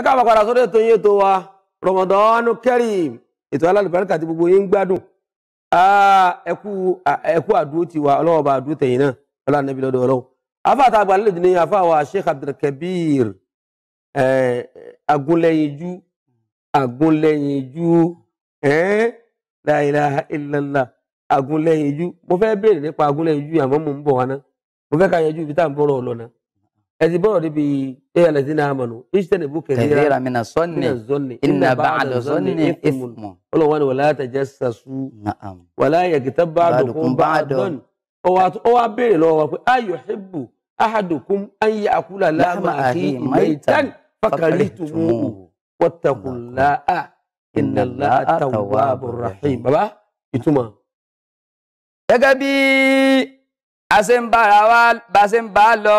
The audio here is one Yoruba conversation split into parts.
ẹka káàbọ̀ padà sórí ètò yín ètò wa Ramadan kerim ètò alálùbáríkà tí gbogbo yín ń gbádùn ẹkú àdúró ti wa ọlọ́wọ́ bá àdúró tẹ̀yìn náà ọlọ́wọ́ nàbí lọ́dọ̀ ọlọ́wọ́ afáàtà àgbà lẹ́dí ni afáàwà Sheikh Abdulkabir agunlẹ́yinjú a la ilaha illallah mo fẹ́ béèrè nípa agunlẹ́yinjú àmọ́ mo ń bọ̀ wá mo fẹ́ ká ibi tá à ń ẹtì bọ́ọ̀rọ̀ níbi ẹ̀yà lẹ́sìn náà mọ̀nù ìṣẹ̀lẹ̀ bú kẹ̀dẹ́rà mina zọ́ọ̀nì iná bàdà zọ́ọ̀nì ìfúnmọ̀ ọlọ́wọ́n ni wàlá àtẹ̀jẹ́ sàṣù wàlá yẹ̀kìtà bàdùkún bàdùn ó wá béèrè lọ́wọ́ wa pé ayọ̀ hibbu ahadukum an ya'kula láàmà àti maytan fakarihtumuhu wattaqullaha innallaha tawwabur rahim baba ìtumọ̀. gẹ́gẹ́ bí a ṣe ń bára wa bá a ṣe ń bá a lọ.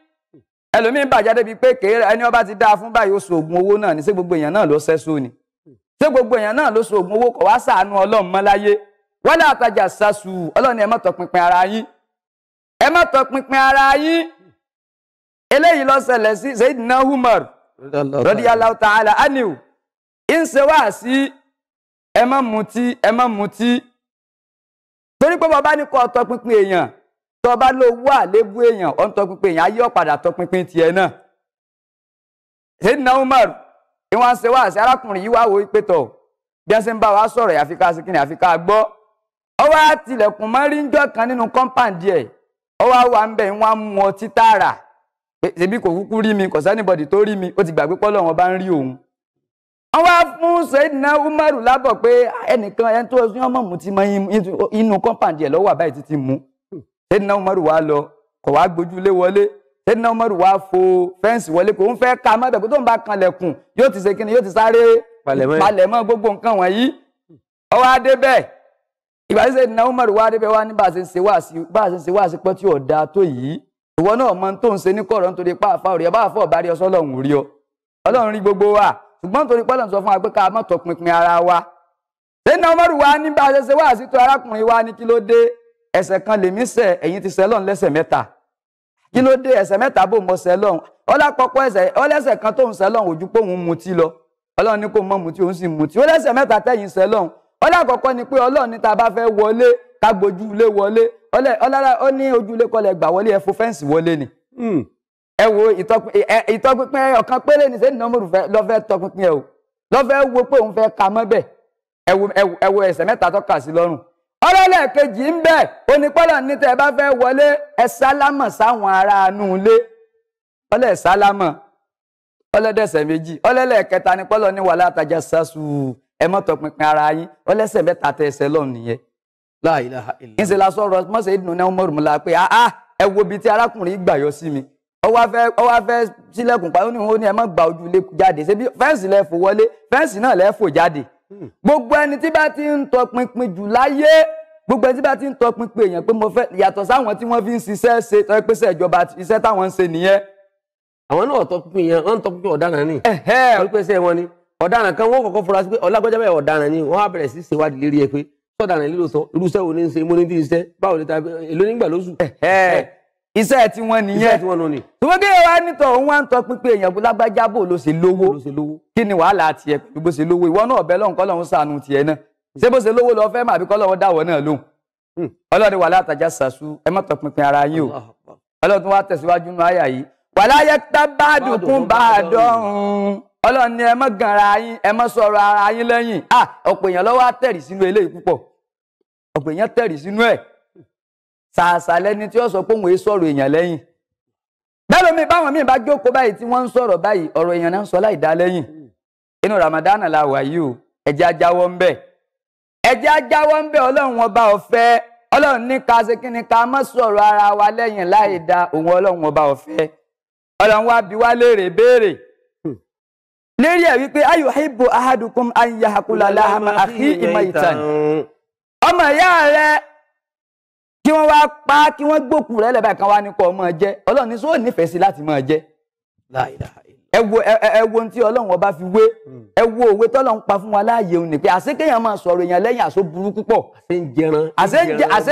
ẹlòmíín bàjẹ́ débi pé kéré ẹni ọba ti dáa fún báyìí ó so owó náà ni ṣé gbogbo èèyàn náà ló sẹ́só ni ṣé gbogbo èèyàn náà ló so oògùn owó kọ̀ wá sàánú ọlọ́run mọ́ láyé wọ́n lé àtajà sàṣù ọlọ́run ẹ má tọpinpin ara yín ẹ má tọpinpin ara yín eléyìí ló ṣẹlẹ̀ sí Sayyidina Umar radiyallahu ta'ala anhu ń ṣe wá sí ẹ má mutí ẹ má mutí torí pé bàbá ní kọ́ tọpinpin èèyàn tó bá ló wà lébú èèyàn ó ń tọpinpin èèyàn ayé ọ̀padà tọpinpin tiẹ̀ náà Sayyidina Umar ni wọ́n ṣe wá sí arákùnrin yìí wá wo tọ̀ bí wọ́n ṣe ń wá mọ́ kan nínú kọ́ńpáǹdì ẹ̀ ń wá mi kò sẹ́nìbọ̀dì tó rí mi ó ti gbàgbé pọ́lọ́ wọn bá ń rí òun wọ́n wá fún Sayyidina umaru lábọ̀ pé ẹnìkan ẹni tó ti mọ inú ẹ̀ lọ́wọ́ àbáyé ti ti tẹ́nà umaru wa lọ kọ̀ wá gbójúlé wọlé tẹ́nà umaru wa fo fẹ́ǹsì wọlé kò ń fẹ́ ka mọ́bẹ̀ kó tó ń bá kanlẹ̀kùn yóò ti ṣe kíni yóò ti sáré palẹ̀mọ́ gbogbo nǹkan wọ̀nyí ọwọ́ adé bẹ́ẹ̀ ìgbà tí tẹ́nà umaru wa adé bẹ́ẹ̀ wá ní bá a ṣe ń ṣe wá sí bá a ṣe ń ṣe wá sí tó yìí ìwọ náà mọ tó ń ṣe ní kọ̀rọ̀ nítorí pa àfa bá àfa ọ̀bá rí ọsọ ọlọ́run rí ọ ọlọ́run rí gbogbo wa ṣùgbọ́n nítorí pọ́lọ̀ sọ fún wa pé ká má tọpinpin ara wa tẹ́nà umaru wa ní bá a ṣe ṣe wá sí tó arákùnrin wa ní kí ló dé ẹ̀ṣẹ̀ kan lèmi ṣẹ̀ ẹ̀yin ti ṣẹ̀ lọ́run lẹ́ṣẹ̀ mẹ́ta kí ló dé ẹ̀ṣẹ̀ mẹ́ta bò mọ ṣẹ̀ lọ́run ọlápọ̀pọ̀ ẹ̀ṣẹ̀ ọlẹ́ṣẹ̀ kan tóun ṣẹ̀ lọ́run ojú pé òun mutí lọ ọlọ́run ní kò mọ mutí òun sì mutí ọlẹ́ṣẹ̀ mẹ́ta tẹ̀yìn ṣẹ̀ lọ́run ọlákọ̀ọ́kọ́ ni pé ọlọ́run ní ta bá fẹ́ wọlé ká gbójú ilé wọlé ọlára ó ní ojú ilé kọlẹ̀ gbà wọlé ẹ fo fẹ́ǹsì wọlé ni hmm. ẹ wo ìtọpinpin ọ̀kan péré ni sẹ́ni nọ́mọ̀rù lọ́fẹ́ tọpinpin ẹ o lọ́fẹ́ wo pé òun fẹ́ ka mọ́bẹ̀ ẹ wo ẹ̀ṣẹ̀ mẹ́ta tọ́ka sí lọ́rùn ọlọ́lẹ̀ kejì ń bẹ̀ onípọ́lọ̀ ní tẹ́ bá fẹ́ wọlé ẹ sálámọ̀ sáwọn ará inú ilé ẹ sálámọ̀ ọlẹ́dẹ̀sẹ̀ méjì ọlẹ́lẹ̀ kẹta ní pọ́lọ̀ ní wàhálà àtàjà sásù ẹ mọ́tọ̀ pinpin ara yín ọlẹ́sẹ̀ mẹ́ta tẹ ẹsẹ̀ lọ́n nìyẹn. la sọ̀rọ̀ ìdùnnú náà mọ̀rùn la Hmm. gbogbo ẹni tí bá ti ń tọpinpin jù láyé gbogbo ẹni tí bá ti ń tọpinpin èèyàn pé mo fẹ́ yàtọ̀ sáwọn tí wọ́n fi ń ṣiṣẹ́ ṣe tọ́jú pé sẹ́jọba iṣẹ́ táwọn ń ṣe nìyẹn. àwọn náà tọpinpin yẹn wọ́n ń tọpinpin ọ̀daràn ni wọ́n pè sẹ́ wọn ni ọ̀daràn kan wọ́n kọ́kọ́ fura sí pé ọlágbájá bẹ́ẹ̀ ọ̀daràn ni wọ́n á bẹ̀rẹ̀ sí ṣèwádìí lérí ẹ pé sọ̀daràn lílo sọ irúṣẹ́ wo ni ń ṣe mo ní fi ṣiṣẹ́ báwo ni ta èlò nígbà lóṣù iṣẹ́ tí wọ́n nìyẹn tùmọ̀ kí ẹ̀rọ ẹnitọ̀ òun wá ń tọ pínpín èèyàn lágbájá bò ló ṣe lówó kí ni wàhálà tiẹ̀ pẹ̀lú bó ṣe lówó ìwọ náà bẹ́ẹ̀ lọ́hùn kọ́lọ́hún ṣàánú tiẹ̀ náà ṣé bó ṣe lówó lọ fẹ́ mà àbí kọ́lọ́hún dáwọ̀ náà lóhùn hmm. ọlọ́run wà látàjà ṣàṣù ẹ má tọ pínpín ara yín o ọlọ́run wá tẹ̀síwájú nù àyà yìí wà láyé tá bá dùnkún bá dọ́run ọlọ́run ni ẹ má gan ara yín ẹ má sọ̀rọ̀ ara yín lẹ́yìn ah, ọ̀pọ̀ èèyàn lọ́wọ́ á tẹ̀rì sínú eléyìí púpọ̀ ọ̀pọ̀ èèyàn tẹ̀rì sínú ẹ̀ ṣàṣà lẹni tí ó sọ pé òun èé èèyàn lẹ́yìn bẹ́ẹ̀ báwọn míì bá jókòó báyìí tí wọ́n ń sọ̀rọ̀ báyìí ọ̀rọ̀ èèyàn náà ń sọ láì dá lẹ́yìn inú Ramadan la wà yìí o ń Ọlọ́run ọba Ọlọ́run ní ká ṣe sọ̀rọ̀ ara wa láì dá Ọlọ́run kí wọ́n wá pa á kí wọ́n gbòkú rẹ̀ lẹ́bàá kan wá ní kọ́ ọmọ jẹ́ ọlọ́run ní sóò nífẹ̀ẹ́ sí láti máa jẹ́ ẹ wo ẹ wo ohun tí ọlọ́run ọba fi wé hmm. ẹ wo òwe tọ́lọ́run pa fún wa láàyè òun ni pé àṣé kéèyàn máa sọ̀rọ̀ èèyàn lẹ́yìn àṣó burúkú pọ̀ àṣé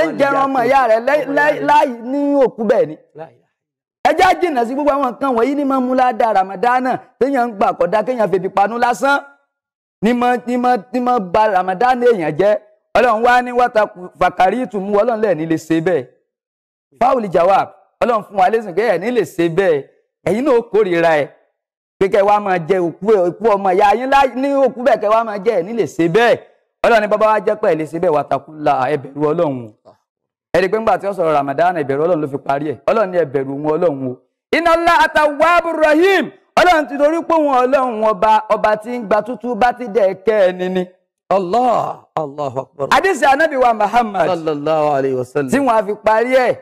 ń jẹran ọmọ ìyá rẹ̀ láì ní òkú bẹ́ẹ̀ ni ẹ já jìnnà sí gbogbo àwọn nǹkan wọ̀nyí ní máa mú ládàá ramadana téèyàn ń gbà kọ́dá kéèyàn fèbí panú lásán ní máa bà ramadana èèyàn jẹ́ ọlọ́run wá ní wọ́ta fàkàrí ìtùmú ọlọ́run lẹ́ẹ̀ ní lè ṣe bẹ́ẹ̀ fáwọlì jawab ọlọ́run fún wa lẹ́sìn pé ẹ̀ ní lè ṣe bẹ́ẹ̀ ẹ̀yin náà kórìíra ẹ̀ pé kẹ́ wá máa jẹ òkú ọmọ ìyá yín ní òkú bẹ́ẹ̀ kẹ́ wá máa jẹ ẹ̀ ní lè ṣe bẹ́ẹ̀ ọlọ́run ní bàbá wa jẹ́ pẹ́ lè ṣe bẹ́ẹ̀ wàtàkù la ẹbẹ̀rù ọlọ́run ẹ rí i pé ńgbà tí wọ́n sọ̀rọ̀ Ramadan ẹbẹ̀rù ọlọ́run ló fi parí ẹ̀ ọlọ́run ní ẹbẹ̀rù wọn ọlọ́run o iná ńlá àtàwábù rahim ọlọ́run ti torí pé wọn ọlọ́run ọba Allah Allahu Akbar. Adéṣe Anábì wa Muhammad. Sallallahu alayhi wa sallam. Tí wọ́n fi parí ẹ̀,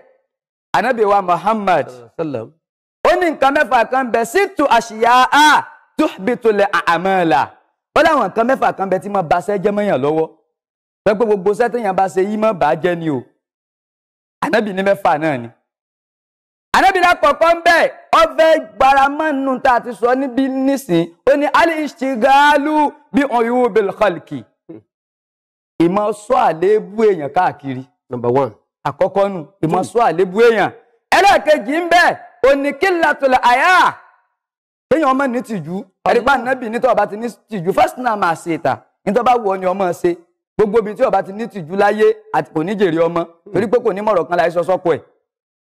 Anábì wa Muhammad. Sallam. Ó ní nǹkan mẹ́fà kan bẹ sítú àṣìyá á tuhbitu lil a'mala. Ó láwọn nǹkan mẹ́fà kan bẹ tí mo bá ṣẹ́ jẹ́ mọ́yàn lọ́wọ́. Pẹ́pẹ́ gbogbo ṣẹ́ tẹ̀yàn bá ṣe yí mọ́ bàá jẹ́ ni o. Anábì ní mẹ́fà náà ni. Anábì náà kọ̀ọ̀kan ń bẹ̀, ó fẹ́ tá a ti sọ níbi nísìn. Ó ní Al-Ishtigalu bi Uyubil Khalqi ìmọ̀ sọ àléébù èèyàn káàkiri. number one. àkọ́kọ́ nu ìmọ̀ sọ àléébù èèyàn. ẹlẹ́ẹ̀kejì ń bẹ òní kí latọ̀lẹ̀ àyà kéèyàn ọmọ ní tìjú ẹ̀rípa nàbì nítorí ọba ti ní tìjú fásitì náà máa ṣe ìta nítorí ọba wù ọ ni ọmọ ṣe gbogbo ibi tí ọba ti ní tìjú láyé àti kò ní jèrè ọmọ torí pé kò ní mọ̀rọ̀ kan láyé sọ́sọ́kọ ẹ̀.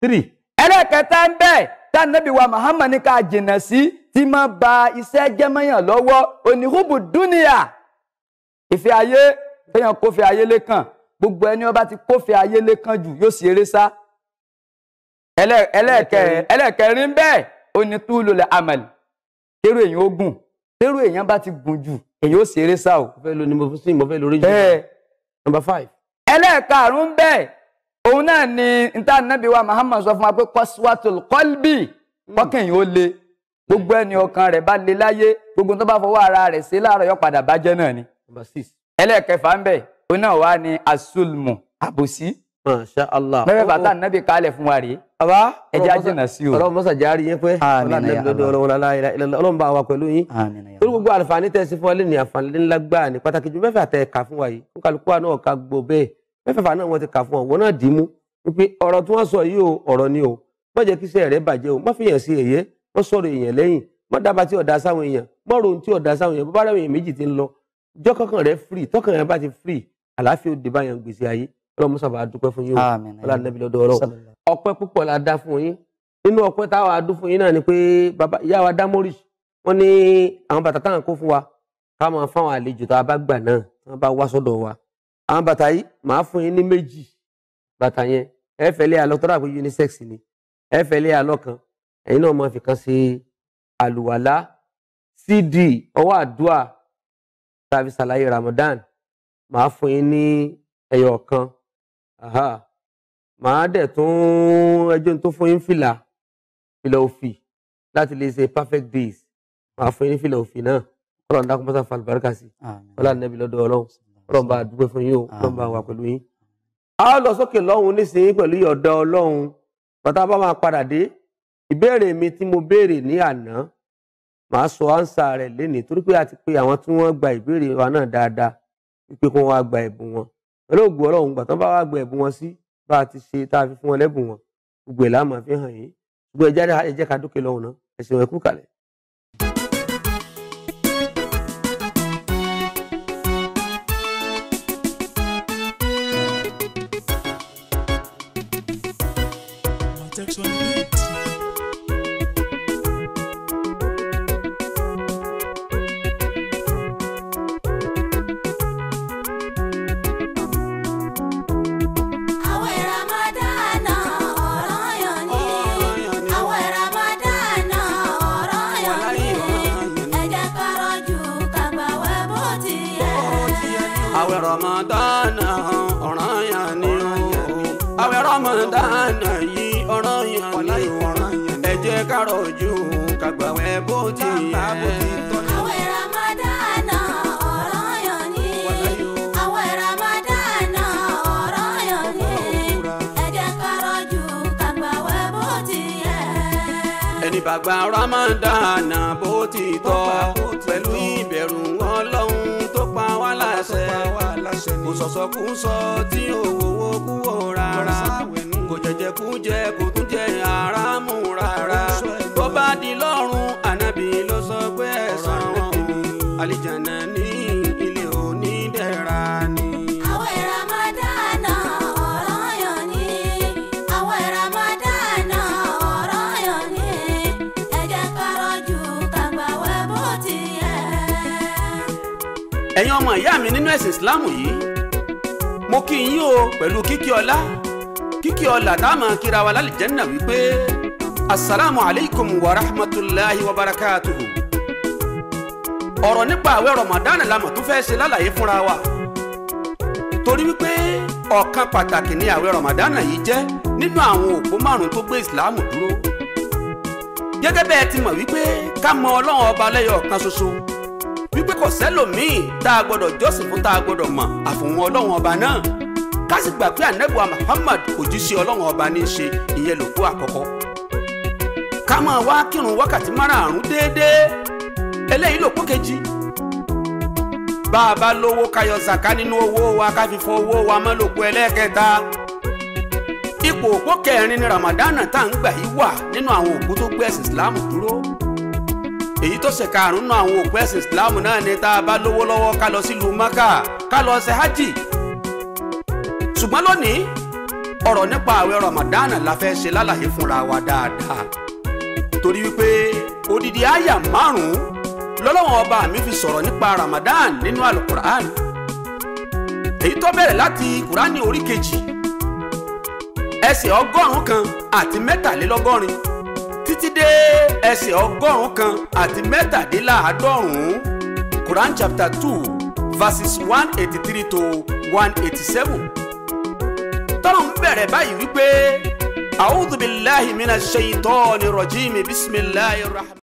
three ẹlẹ́ẹ̀kẹta ń bẹ tá nàbì wa Muhammad ní ká jìnnà sí tí máa ba iṣẹ́ jẹ́mọ́yàn lọ́wọ́ òní húbù dúnìyà ìfẹ́ ayé téèyàn gbogbo ẹni ti kófẹ ayélé kan jù yóò sì eré sá ẹlẹ́ẹ̀kẹrin bẹ́ẹ̀ ó ní túlù lẹ kérò èèyàn ó gùn kérò èèyàn bá ti gùn jù èèyàn ó sì o. mo fẹ́ five. òun náà ni wa sọ fún hmm. le gbogbo ẹni ọkàn rẹ̀ bá le gbogbo tó bá ara rẹ̀ láàárọ̀ padà ni. ẹlẹ́ẹ̀kẹfà ń bẹ̀ ó náà wá ní asulmu àbòsí. masha allah mẹ́fẹ́ oh, oh. bàtà nàbì kálẹ̀ fún wa rèé. baba ẹja jìnnà sí o. ọlọ́run mọ́sá járí yín pé ọlọ́run bá wa pẹ̀lú yín. torí gbogbo àǹfààní tẹ́ sí fún ọlẹ́ ní àǹfààní ńlá gbáà ní pàtàkì ju mẹ́fẹ́ àtẹ ẹ̀ka fún wa yìí kó kálukú wa náà ká gbọ́ bẹ́ẹ̀ mẹ́fẹ̀ẹ̀fà náà wọ́n ti kà fún ọ wọ́n náà dì í mú wípé ọ̀rọ̀ tí wọ́n sọ yìí o ọ̀rọ̀ ni o má jẹ́ kí iṣẹ́ rẹ̀ bàjẹ́ o má fi yàn sí èyí má sọ̀rọ̀ èèyàn lẹ́yìn má dábàá tí ọ̀dà sáwọn èèyàn má ro ohun tí ọ̀dà sáwọn èèyàn bó bá rẹ̀ èèyàn méjì ti ń lọ jọ́ kọ́kàn rẹ̀ free tọ́kàn rẹ̀ bá ti free àlàáfíà ó dé bá yan gbèsè ayé ọlọ́run musa bá dúpẹ́ fún yín o ọlọ́run nàbí lọ́dọ̀ ọlọ́run ọpẹ́ púpọ̀ la dá fún yín nínú ọpẹ́ táwa dú fún yín náà ni pé bàbá ìyá wa dámórì wọ́n ní àwọn bàtà táwọn kó fún wa ká máa fáwọn àlejò tá a bá gbà náà tí wọ́n bá wá sọ́dọ̀ wa àwọn bàtà yìí màá fún yín ní méjì bàtà yẹn ẹ fẹ́lẹ́ àlọ́ tọ́ra pé unisex ni ẹ fẹ́lẹ́ àlọ́ kan ẹ̀yin náà máa fi kan ṣe àlùwàlá cd ọwọ́ àdúrà tá a Ramadan màá fún yín ní ẹyọ kan màá dẹ̀ tún ẹjọ́ tó fún yín fìlà fìlà òfì láti lè ṣe perfect days màá fún yín ní fìlà òfì náà Ọlọ́run dákun mọ́sá falẹ̀ bàrúkà sí Ọlọ́run nẹ́bí lọ́dọ̀ Ọlọ́run Ọlọ́run bá dúpẹ́ fún yín o Ọlọ́run bá wà pẹ̀lú yín. a ó lọ sókè lọ́hùn nísìnyí pẹ̀lú ìyọ̀dọ̀ Ọlọ́run bàtà bá máa padà dé ìbéèrè mi tí mo béèrè ní àná màá sọ ánsà rẹ̀ lénìí torí pé a ti pe àwọn tí wọ́n gba ìbéèrè wa náà dáadáa wípé kí wọ́n wá gba ẹ̀bùn wọn olóògùn ọlọ́run gbà tán bá wá gba ẹ̀bùn wọn sí bá a ti ṣe tá a fi fún wọn lẹ́bùn wọn gbogbo ẹ̀ láàmú àfihàn yìí gbogbo ẹ̀ jáde ẹ jẹ́ ká dókè lọ́hùn náà ẹ̀sìn wọn ẹ̀kú kalẹ̀. àwẹ̀ Ramadan ọ̀ràn yàn ni o àwẹ̀ Ramadan yìí ọ̀ràn yàn ni o ẹ jẹ́ ká rọ̀jú kàgbàwẹ̀ bó ti yẹ. bàgbà Ramadan bó ti tọ́ pẹ̀lú ìbẹ̀rù Ọlọ́run láṣẹ kò sọ̀sọ̀ kú sọ tí òwòwò kú wò rárá kò jẹ̀jẹ̀ kú jẹ kò tún jẹ ara. ẹ̀yin ọmọ ìyá mi nínú ẹ̀sìn ìsìláàmù yìí mo kí yín o pẹ̀lú kíkí ọlá kíkí ọlá tá a máa kíra wa lálìjẹ́nà wípé asalaamu alaykum wa rahmatulahi wa barakatuhu ọ̀rọ̀ nípa àwẹ̀ rọ̀mọ̀dánà la mọ̀ tó fẹ́ ṣe lálàyé fúnra wa torí wípé ọ̀kan pàtàkì ni àwẹ̀ rọ̀mọ̀dánà yìí jẹ́ nínú àwọn òpó márùn-ún tó gbé ìsìláàmù dúró gẹ́gẹ́ bẹ́ẹ̀ ti mọ̀ wípé ká mọ ọlọ́run ọba lẹ́yọ̀ kan ṣoṣo wípé kò sẹ́lòmíì tá a gbọ́dọ̀ jọ́sìn fún tá a gbọ́dọ̀ mọ̀ àfòun ọlọ́run ọba náà ká sì gbà pé ànẹ́bùwà Muhammad òjíṣẹ́ ọlọ́run ọba ní í ṣe ìyẹn lòkú àkọ́kọ́ ká máa wá kírun wákàtí márààrún déédéé eléyìí lòkú kejì bá a bá lówó ká yọ nínú owó wa ká fi fọ owó wa mọ́ lòkú ẹlẹ́ẹ̀kẹta ipò òpó kẹrin ni Ramadan tá à ń gbà yí wà nínú àwọn òkú tó gbé Islam dúró èyí tó ṣe karùn-ún náà àwọn òpin ẹ̀sìn islam náà ni tá a bá lówó lọ́wọ́ ká lọ sílùú maka ká lọ ṣe hajj ṣùgbọ́n lónìí ọ̀rọ̀ nípa àwẹ̀ ramadan la fẹ́ ṣe lálàyé fúnra wa dáadáa torí wípé odidi àyà márùn-ún lọ́lọ́wọ́n ọba mi fi sọ̀rọ̀ nípa ramadan nínú alukur'an èyí tó bẹ̀rẹ̀ láti kùránì orí kejì ẹsẹ̀ ọgọ́rùn-ún kan àti mẹ́tàlélọ́gọ́rin títí dé ẹsẹ̀ ọgọ́rùn-ún kan àti mẹ́tàdínláàádọ́rùn-ún Quran chapter two verses one eighty three to one eighty seven tọ́lọ̀ ń bẹ̀rẹ̀ báyìí wípé a'udhu billahi minash shaitani rajim bismillahir rahman.